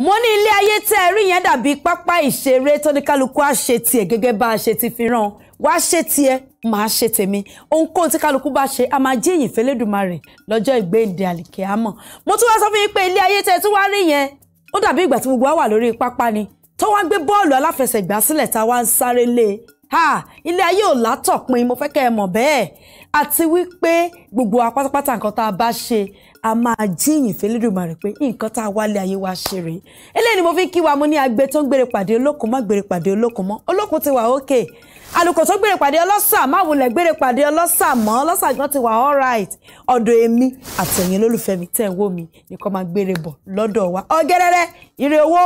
mo ní ilé ayé tẹ́ ẹ rí yẹn dàbí pápá ìṣeré tóníkálukú á ṣe tiẹ̀ gẹ́gẹ́ bá a ṣe ti fi ràn wá ṣe tiẹ̀ màá ṣe tèmi ohunkóhun tí kálukú bá ṣe a máa jíyìn fẹ́lẹ́dùmarè lọ́jọ́ ìgbéǹde àlìkè àmọ́ mo tún wá sọ fún yín pé ilé ayé tẹ́ ẹ tún wá rí yẹn ó dàbí ìgbà tí gbogbo wa wà lórí pápá ni tó wá gbé bọ́ọ̀lù aláfẹsẹ̀gbá sílẹ̀ tá wá ń sáré lé e ha ilé ayé ò látọ̀pin mo fẹ́ kẹ́ ẹ mọ̀ bẹ́ẹ̀ àti wípé gbogbo apátápátá nǹkan tá a bá ṣe a máa jíyìn fẹlẹ́dùmarè pé nǹkan tá a wálé ayé wa ṣe rèé eléyìí ni mo fi ń kí wa mo ní agbe tó ń gbére pàdé olókun má gbére pàdé olókun mọ́ olókun ti wà ókè àlùkò tó gbére pàdé ọlọ́sà má wulẹ̀ gbére pàdé ọlọ́sà mọ́ ọlọ́sà gan ti wà alright ọ̀dọ̀ èmi àti ẹ̀yin olólùfẹ́ mi tẹ̀ ń wò mí nìkan máa gbére bọ̀ lọ́dọ̀ wa ọ̀gẹ́rẹ́rẹ́ ire owó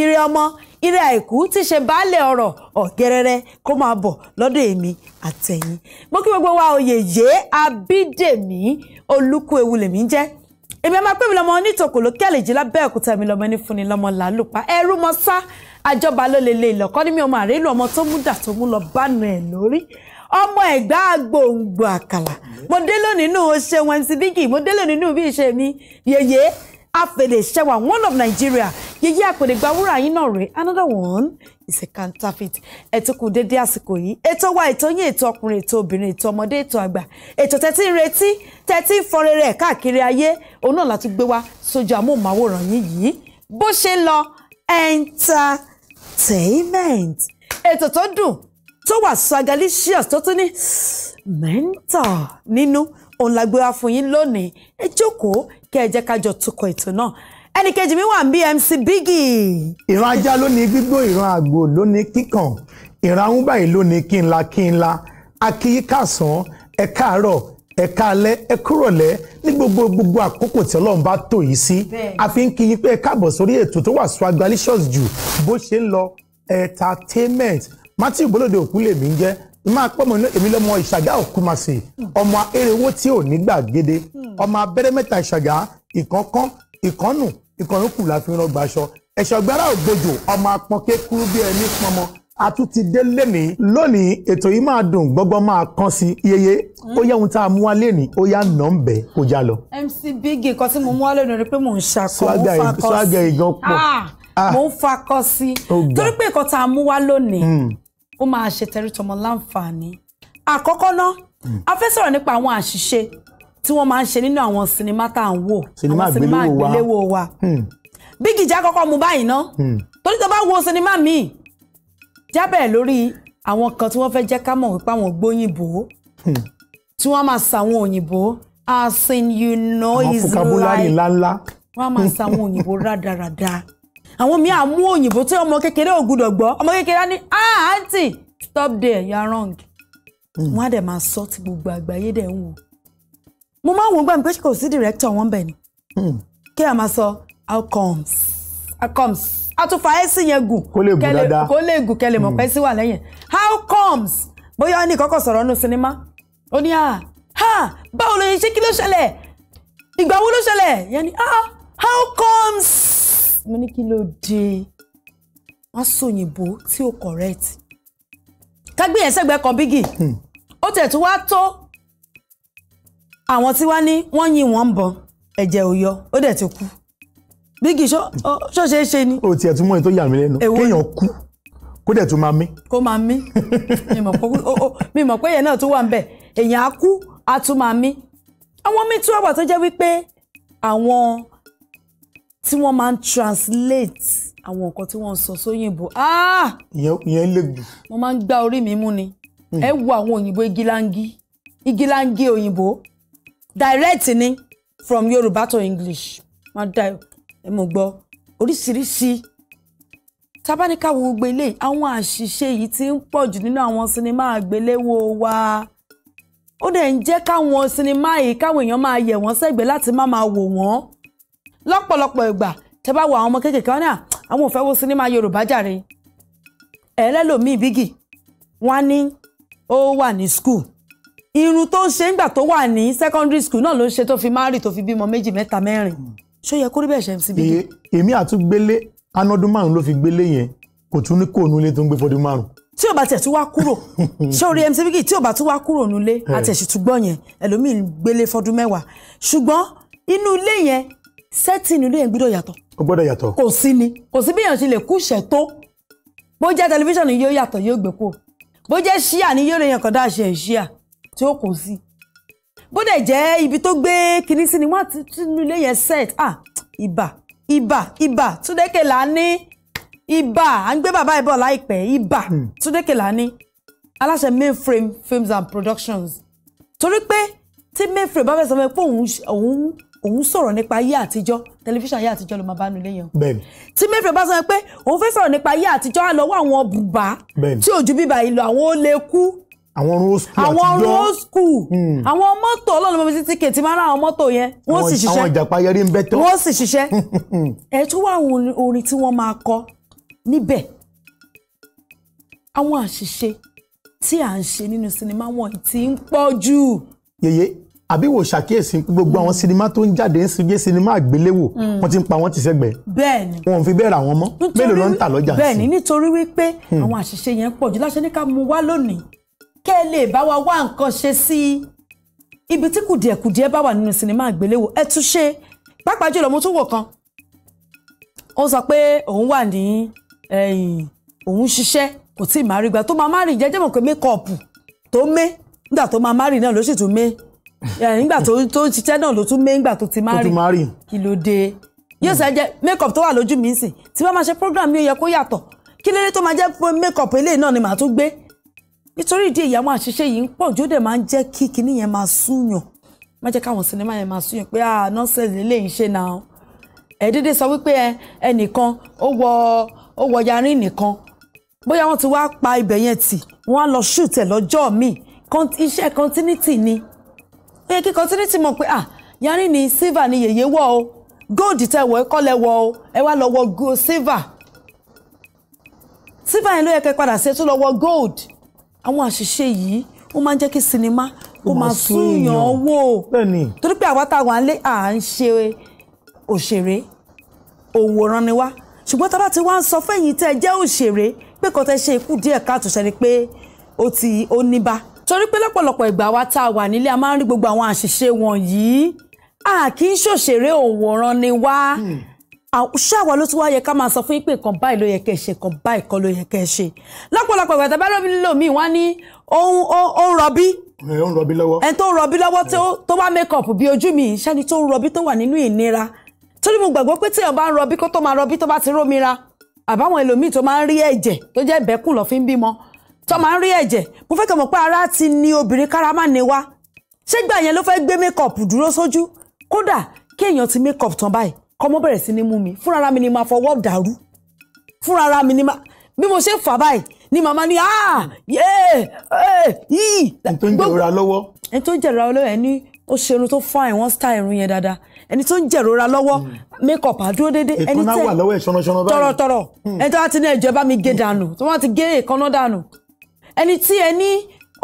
ire ọmọ ire àìkú ti ṣe baálẹ̀ ọ̀rọ̀ ọ̀gẹ́rẹ́rẹ́ kó máa bọ̀ lọ́dọ̀ èmi àtẹ̀yìn mo kí gbogbo wa òyèyé abídèmí olúkú ewu lèmi jẹ́ èmi ẹ máa pè mí lọ́mọ onítòkò lókè àlejò lábẹ́ òkúta mi lọ́mọ ẹni fúnni lọ́mọ làálùpá ẹrú mọ sá àjọba ló lè lè lọ́kọ́ ní mi ọmọ àrélù ọmọ tó mú dà tó mú lọ bánu ẹ̀ lórí ọmọ ẹ̀gbá gbòǹgbò àkàlà mo dé lónìí nínú ṣe wọn mc mo dé lónìí nínú bí ìṣe mi yèyé afèdèṣẹwà one of Nigeria yèyé àpèrè gba wúrà yín náà rèé another one is a counterfeit ètò kù dédé àsìkò yìí ètò wa ètò yín ètò ọkùnrin ètò obìnrin ètò ọmọdé ètò àgbà ètò tẹ́tí ń retí tẹ́tí ń fọre rẹ̀ káàkiri ayé òun náà láti gbé wa sójú amóhùnmáwòrán yín yìí bó ṣe lọ entertainment ètò tó dùn tó wà sagalicious tó tún ní mentor nínú òun la gbé wa fún yín lónìí ẹ jókòó kẹ́ ẹ jẹ́ ká jọ tukọ̀ ètò náà ẹnì kejì mi wà ń bí MC Biggy. ìran ajá ló ní gbígbó ìran àgbò ló ní kíkàn ìran ahun báyìí ló ní kí n la kí n la ẹ káàárọ̀ ẹ káalẹ́ ẹ ní gbogbo gbogbo àkókò tí Ọlọ́run bá tò yìí sí a fi ń kí pé ẹ káàbọ̀ sórí ètò tó wà Swagalicious jù bó ṣe ń lọ entertainment Matthew Bolóde òkú lèmi ń jẹ́ máa pọ́ mọ́ èmi lọ́mọ ìṣàgá òkúmasè ọmọ erewó tí ò ní gbàgede hmm. ọmọ abẹ́rẹ́ mẹ́ta ìṣàgá ìkọ̀ọ̀kan ìkọ́nù nǹkan yòókù la fi ń rán gbaṣọ ẹ̀ṣọ́ gbára ògbójò ọmọ apọ́nké kúrú bí ẹni pọnmọ a tún ti dé lénìí lónìí ètò yìí máa dùn gbọ́gbọ́n máa kán sí yeye ó yẹ ohun tá a mú wá lénìí ó yá nà ń bẹ̀ kó já lọ. MC Biggy kan tí mo mú wá lónìí rí pé mò ń ṣakọ mo fa kọ sí swaga ìgan pọ̀ ah, ah. mo ń fa kọ sí torí pé nǹkan tá a mú wá lónìí hmm. ó máa ṣe tẹrítọmọ láǹfààní àkọ́kọ́ náà a fẹ́ sọ̀rọ̀ nípa àwọn àṣìṣe tí wọ́n máa ń ṣe nínú àwọn sinimá tá à ń wò àwọn sinimá àgbéléwò wa Big Ija hmm. kọ́kọ́ mu báyìí ná hmm. torí tó bá wo sinimá míì jábẹ̀ lórí àwọn kan tí wọ́n fẹ́ jẹ́ ká mọ̀ wípé àwọn gbóyìnbó hmm. tí wọ́n máa sàwọn òyìnbó as in you know is like àwọn vocabulary ńláńlá wọ́n máa sàwọn òyìnbó rádaràda àwọn míì àmú òyìnbó tí ọmọ kékeré ò gbúdọ̀ gbọ́ ọmọ kékeré ní ah aunty stop there you are wrong wọ́n á dẹ̀ máa sọ ti gbogbo àgbáyé dẹ̀ ń wò mo máa ń wò gbàmí pé kò sí director wọn bẹ̀ ni hmm. kí a máa sọ outcomes outcomes àtúfà ẹ̀sìn yẹn gùn kó lè gùn dáadáa kó lè gùn kẹlẹ̀ mọ̀ hmm. pé sí wà lẹ́yìn how comes bóyá ó ní kọ́kọ́ sọ̀rọ̀ nù sinimá ó ní à ah, ha ah, báwo ló yẹ ṣé kí ló ṣẹlẹ̀ ìgbà wo ló ṣẹlẹ̀ yẹn ni ah how comes mo ní kí ló dé wọ́n sòyìnbó tí ó correct kágbéyẹ̀sẹ̀gbẹ́ kan bígì hmm. ó tẹ̀ tún wá tó àwọn tí wàá ní wọ́n yin wọ́n ń bọ̀ ẹ̀jẹ̀ ò yọ ó dẹ̀ ti kú bígì ṣó ṣe é ṣe ni. o tiẹ̀ tún mọ́ ẹ tó yà mí lẹ́nu kéèyàn kú kó dẹ̀ tún máa mí. kó máa mí mi mọ̀ pé yẹn náà tún wà ń bẹ̀ èèyàn á kú á tún máa mí àwọn míì tún wà tó jẹ́ wípé àwọn tí wọ́n máa ń translate àwọn nǹkan tí wọ́n ń sọ sóyìnbó. Ah! ìyẹn lè gùn. mo máa ń gbá orí mi mú ni hmm. ẹ wo àwọn òyìnbó igilangi igilangi òyìnbó direct ni from Yoruba to English wọn dá ẹ mọ̀ gbọ́ oríṣiríṣi tábánikà wo gbogbo eléyìí àwọn àṣìṣe yìí ti ń pọ̀ jù nínú àwọn sinimá àgbéléwò wa ó dẹ̀ ń jẹ́ káwọn sinimá yìí káwọn èèyàn máa yẹ̀ wọ́n sẹ́gbẹ̀ẹ́ láti má máa wò wọ́n lọ́pọ̀lọpọ̀ ìgbà tẹ́ bá wo àwọn ọmọ kéékèèké wọn náà àwọn ò fẹ́ wo sinimá Yorùbá jàre ẹ̀ẹ́lẹ́lòmíì bígì wọ́n á ní ó wà ní skul irun tó ń ṣe ńgbà tó wà ní secondary school náà ló ń ṣe tó fi márì tó fi bímọ méjì mẹ́ta mẹ́rin ṣó yẹ kó rí bẹ́ẹ̀ ṣe ń síbí. èmi àtúgbélé anọdún márùn ló fi gbélé yẹn kò tún ní kó ònú ilé tó ń gbé fọdún márùn. tí ò bá tiẹ̀ tún wá kúrò ṣé orí MC Biggy tí ò bá tún wá kúrò nílé àti eh. ẹ̀sìn tún gbọ́ yẹn ẹlòmíì gbélé fọdún mẹ́wàá ṣùgbọ́n inú ilé yẹn sẹ́tìn ni kò sí bíyànjú lè kú ìṣẹ́ tó bó jẹ́ tẹlifíṣàn ni yóò yàtọ̀ yóò gbé kúrò bó jẹ́ ṣíà ni yóò lè yàn kọ́dá ṣe ìṣíà tí ó kù sí bó dẹ̀ jẹ́ ibi tó gbé kinní sí ni wọ́n ti tún ilé yẹn set ah ibà ibà ibà túndékèlà ní ibà à ń gbé bàbá ìbọ̀ láìpẹ́ ibà hmm. túndékèlà ní aláṣẹ mainframe films and productions torí pé tí mainframe bá fẹ́ sọ pé òun òun òun sọ̀rọ̀ nípa ayé àtijọ́ tẹlifíṣàn ayé àtijọ́ ló máa bá nulẹ̀ yẹn. bẹ́ẹ̀ni. tí mẹ́fẹ̀ẹ́ bá sọ pé òun fẹ́ sọ̀rọ̀ nípa ayé àtijọ́ á lọ́wọ́ àwọn bùbá. bẹ́ẹ̀ni. tí ojú bíbá ìlú àwọn ó kú àwọn road school àtijọ́ àwọn road school hmm. àwọn mọ́tò ọlọ́run mọ́mí títí kètì máa ń ra àwọn mọ́tò yẹn wọ́n sì ṣiṣẹ́ àwọn ìjàpá yẹrí ń bẹ́tọ̀ wọ́n sì ṣiṣẹ́ ẹ̀ tún wá àwọn orin tí wọ́n máa kọ níbẹ̀ àwọn àṣìṣe tí à ń ṣe nínú sinimá wọn ti ń pọ̀ jù. yèyé àbí wò ṣàkíyèsí gbogbo àwọn sinimá tó ń jáde ń sinjé sinimá àgbéléwò hmm. wọn ti ń pa wọn ti sẹgbẹ. bẹ́ẹ̀ni wọn ò fi bẹ́ẹ̀ ra wọn mọ́ mélòó ló ń tà lọ́jà sí. bẹ́ẹ̀ni nítorí wípé hmm. àwọn àṣìṣe yẹn pọ̀ jù láṣẹ ní ká mú wá lónìí kẹ́ ẹ lè bá wa wá nǹkan ṣe sí ibi tí kùdìẹ̀kùdìẹ̀ bá wà nínú sinimá àgbéléwò ẹ tún ṣe pàápàá jùlọ mo tún wò kan ó sọ pé òun wà ní òun ṣiṣẹ́ kò tí ì má rí gba tó máa má rí jẹ́jẹ́ mọ̀ pé mékọ̀ọ̀pù tó mé nígbà tó máa má rí náà ló sì tún mé nígbà tó ń ṣiṣẹ́ náà ló tún mé nígbà tó ti má rí kí ló dé yóò ṣe jẹ makeup tó wà lójú mi nsìn tí wọn máa ṣe program yóò yẹ kó yàtọ̀ kí lélẹ tó máa jẹ pé makeup eléyìí náà ni màá tún gbé nítorí ìdí èyí àwọn àṣìṣe yìí ń pọ̀ jù ó dẹ̀ máa ń jẹ́ kí kinní yẹn máa súnyàn má jẹ́ káwọn sinimá yẹn máa súnyàn pé ah nonsense lè léyìn ṣe náà ẹ dédé sọ wípé ẹnìkan ó wọ ó wọ yarí nìkan bóyá wọ́n ti wá pa ibẹ̀ yẹn tì wọ́n á lọ shoot ẹ̀ lọ́jọ́ míì iṣẹ́ continuity ni ó yẹ kí continuity mọ̀ pé ah yarí ni silver ni yèyé wọ̀ o gold tẹ wọ̀ ẹ kọ́ lẹ wọ̀ o ẹ wá lọ wọ̀ silver silver yẹn ló yẹ kẹ́ padà sí ẹ tún lọ wọ̀ gold àwọn àṣìṣe yìí ó máa ń jẹ́ kí sinimá ó máa súnyàn wò torí pé àwa táwọn alẹ́ à ń ṣe òṣèré òwòrán ni wá ṣùgbọ́n tá a bá ti wá ń sọ fẹ́yìn tẹ́ ẹ jẹ́ òṣèré pé kò tẹ́ ṣe ikú díẹ̀ káàtó ṣe ni pé ó ti ó ní bá torí pé lọ́pọ̀lọpọ̀ ìgbà wa tá a wà nílé a máa ń rí gbogbo àwọn àṣìṣe wọ̀nyí a kì í ṣòṣèré òwòrán ni wá. Hmm Ah, ṣáwa ló tún wá yẹ ká máa sọ fún yín pé nǹkan báyìí ló yẹ kẹ́ ṣe nǹkan báyìí kan ló yẹ kẹ́ ṣe lọ́pọ̀lọpọ̀ ìgbà tàbí rọbí nílò míì wá ní ó ń rọbí. ó rọbí lọ́wọ́. ẹni tó ń rọbí lọ́wọ́ tó bá make up bí ojú mi ṣẹ́ni tó ń rọbí tó wà nínú ìnira torí mo gbàgbọ́ pé téèyàn bá ń rọbí kó tó máa rọbí tó bá ti rómira àbáwọn ẹlòmíì tó máa ń rí ẹ̀jẹ̀ tó jẹ́ ìbẹ́kùn lọ́ fi ń bímọ mo fẹ́ kẹ́ mọ̀ pé ara ti ni obìnrin kára má ni wá ṣé gbà yẹn ló fẹ́ gbé make up ti make up tán báyìí kọ́mọ bẹ̀rẹ̀ sí ni mú mi fúnra mi ni máa fọwọ́ dàrú fúnra mi ni máa bí mo ṣe fà báyìí ni màmá ni ah yéé eh, yìí. ẹni tó ń jẹ̀rora lọ́wọ́. ẹni tó ń jẹ̀rora lọ́wọ́ ẹni ó ṣe irun tó fine wọ́n style irun yẹn dáadáa ẹni tó ń jẹ̀rora lọ́wọ́ hmm. make up àdúró dédé ẹni tẹ́ èkó náà wà lọ́wọ́ ẹ̀ ṣọ́nọ́ṣọ́nọ́ báyìí tọ̀rọ̀tọ̀rọ̀ hmm. ẹni tó bá ti ní ẹjọ́ bá mi gé dànù tó bá ti gé èkánná dànù ẹni tí ẹni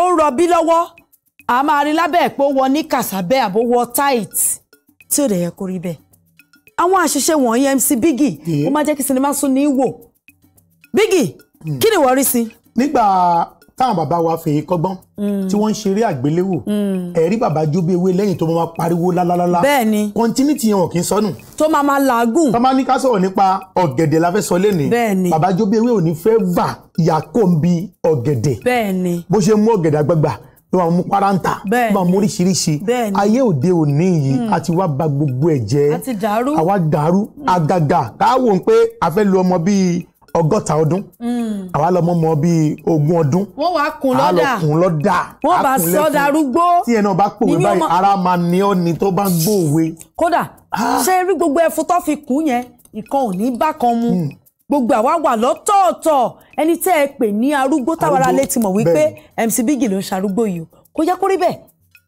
ó ń rọbí lọ́wọ́ a máa wọ ní kàsábẹ́ àbó tight tí ò dẹ̀ yẹ kó rí bẹ́ẹ̀ àwọn àṣìṣe wọ̀nyí MC Biggy ó máa jẹ́ kí sinimá sún ní wò Biggy hmm. kí ni wọ́n rí sí. nígbà táwọn bàbá wa fèyí kọ́gbọ́n hmm. tí wọ́n ń ṣeré àgbéléwò hmm. ẹ̀rí bàbá jó bí ewé lẹ́yìn tó máa pariwo lálálálá bẹ́ẹ̀ni kọ́ńtínítì yẹn wọn kì í sọnù. tó máa ma làágùn. tó máa ní ká sọ̀rọ̀ nípa ọ̀gẹ̀dẹ̀ la fẹ́ sọ lẹ́nìí bẹ́ẹ̀ni bàbá jó bí ewé ò ní fẹ́ và yàkó ń ọ̀gẹ̀dẹ̀ bẹ́ẹ̀ni bó ṣe mú ọ̀gẹ̀dẹ̀ àgbàgbà ló máa mú paráǹtà ló máa mú oríṣiríṣi ayé òde òní yìí hmm. a ti wá bà gbogbo ẹ̀ jẹ́ àwa dàrú hmm. àgàgà káwọn pé a fẹ́ lu ọmọ bíi ọgọ́ta ọdún àwa hmm. lọmọ mọ bíi ogún ọdún wọ́n wá kun lọ́dà àá lọ kun lọ́dà wọ́n tí ẹ bá pòwe báyìí ara máa ní ọ́ ni tó bá gbòwe. kódà ah. ṣé rí gbogbo ẹfun tó fi kún yẹn ìkan ò ní bá kan mu gbogbo àwa wà lọ́tọ̀ọ̀tọ̀ ẹni tẹ́ ẹ pè ní arúgbó táwọn aráalé ti mọ̀ wípé MC Biggy ló ń ṣarúgbó yìí kò yẹ kó rí bẹ́ẹ̀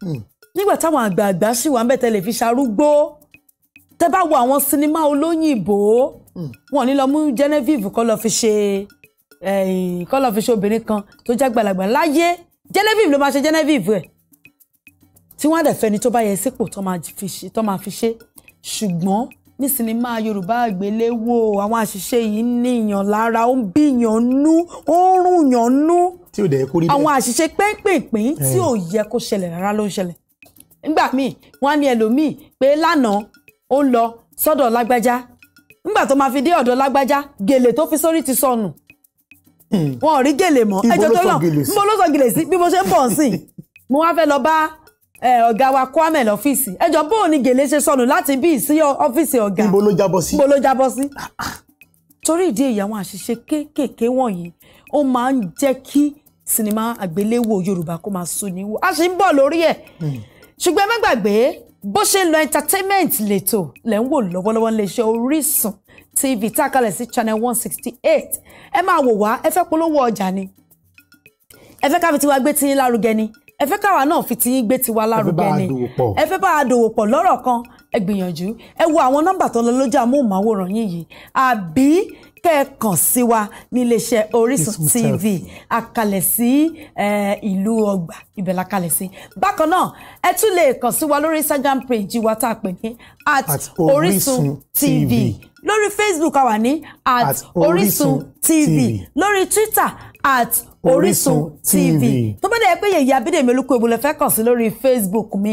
hmm. nígbà táwọn àgbààgbà sì wà ń bẹ̀ tẹ́lẹ̀ fi ṣarúgbó tẹ́ bá wo àwọn sinimá olóyìnbó hmm. wọn ní lọ mú Genevieve kọ́ lọ fi ṣe kọ́ lọ fi ṣe obìnrin kan tó jẹ́ gbàlagbà láyé Genevieve ló máa ṣe Genevieve ẹ̀ tí wọ́n á dẹ̀ fẹ́ni tó bá yẹ sípò tó máa fi ṣe ṣùgbọ́n ní sinimá yorùbá àgbéléwò àwọn àṣìṣe yìí ń níyàn lára ó ń bíyàn nú ó ń rùnyàn nú àwọn àṣìṣe pínpínpín tí ò yẹ kó ṣẹlẹ̀ rárá ló ń ṣẹlẹ̀ nígbà míì wọ́n á ní ẹlòmíì pé lánàá ó ń lọ sọ́dọ̀ lágbájá nígbà tó máa fi dé ọ̀dọ̀ lágbájá gèlè tó fi sórí ti sọnù hmm. wọn ò rí gèlè mọ́ ẹjọ́ tó lọ mo ló sọ gèlè sí bí mo ṣe ń bọ̀ sí mo wá fẹ́ lọ bá Eh, ọ̀gá wa kwame lọ́fíìsì ẹjọ́ bóun ni gèlè ṣe sọnù láti bí sí ọ́fíìsì ọ̀gá ibo ló jábọ́ sí ibo ló jábọ́ sí. Ah, ah. torí ìdí èyí àwọn àṣìṣe kéékèèké wọ̀nyí ó máa ń jẹ́ kí sinimá àgbéléwò yorùbá kó máa sùn níwò a sì ń bọ̀ lórí ẹ̀ hmm. ṣùgbọ́n má gbàgbé bó ṣe lọ entertainment lẹ́tọ̀ lẹ́ ń wò lọ́wọ́lọ́wọ́ iléeṣẹ́ Orísun TV tákàlẹ̀ sí channel one sixty eight ẹ máa wò wá ẹ fẹ́ polówó ọjà ni ẹ fẹ́ káfíntì wa gbé tiyín lárugẹ ni ẹ fẹ́ káwa náà fi tiyín gbé tiwa lárugẹ ni ẹ fẹ́ bá a dòwò pọ̀ lọ́rọ̀ kan ẹ gbìyànjú ẹ wo àwọn nọ́mbà tó lọ lójú amóhùnmáwòrán yín yìí àbí kẹ́ẹ̀kan sí wa níléeṣẹ́ Orísun TV àkàlẹ̀ sí ìlú ọgbà ibẹ̀ la kalẹ̀ sí bákan náà ẹ tún lè kàn sí wa lórí Instagram page wa tá a pè ní at Orísun TV lórí Facebook àwa ní at Orísun TV lórí Twitter at Orísun TV pé yèyé abídèmí olúkúewu lè fẹ́ kàn sí lórí facebook mi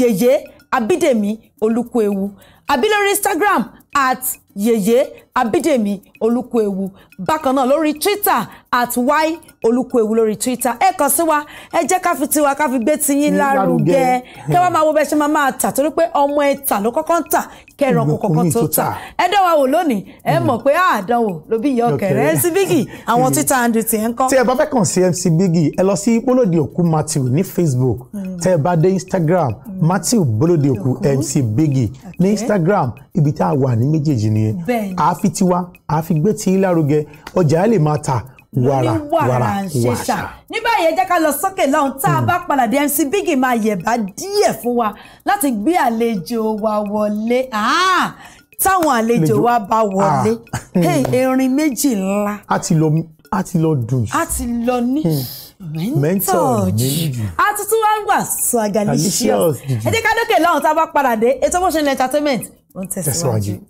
yèyé abídèmí olúkúewu àbí lórí instagram at yèyé abídèmí olúkúewu bákan náà lórí twitter at y olúkúewu lórí twitter ẹ kàn sí wa ẹ jẹ́ ká fi tiwa ká fi gbé tiyín lárugẹ kẹ́ wá máa wo bẹ́ẹ̀ ṣe máa máa tà torí pé ọmọ ẹ tà ló kọ́kọ́ ń tà kẹran kọ̀ọ̀kan tó tà ẹ dán wa wò lónìí ẹ hmm. mọ̀ pé àdánwò ló bí ìyá ọ̀kẹ́rẹ́ MC Biggy àwọn hmm. twitter handle ti ẹ̀ ń kọ́. tí ẹ bá fẹ́ kàn sí MC Biggy ẹ lọ sí bolóde òkú matthew ní facebook hmm. tẹ́ ẹ bá dé instagram matthew bolóde òkú MC Biggy ní instagram ibi tá a wà ní méjèèjì nìyẹn fi tiwa a fi gbé tí lárugẹ ọjà á lè máa ta wàrà wàrà wàṣà. ní báyìí ẹ jẹ́ ká lọ sókè lọ́hùn tá a hmm. bá padà dé MC Biggy máa yẹ̀bá díẹ̀ fún wa láti gbé àlejò wa wọlé ah, táwọn àlejò wa bá wọlé ah. erin méjì ńlá. a ti lọ a ti lọ dùn. a ti lọ ní. Hmm. mentor a tuntun wá ń gbà swagalicious ẹ jẹ́ ká lókè lọ́hùn tá a bá padà ètò bó entertainment ó ń tẹ̀síwájú.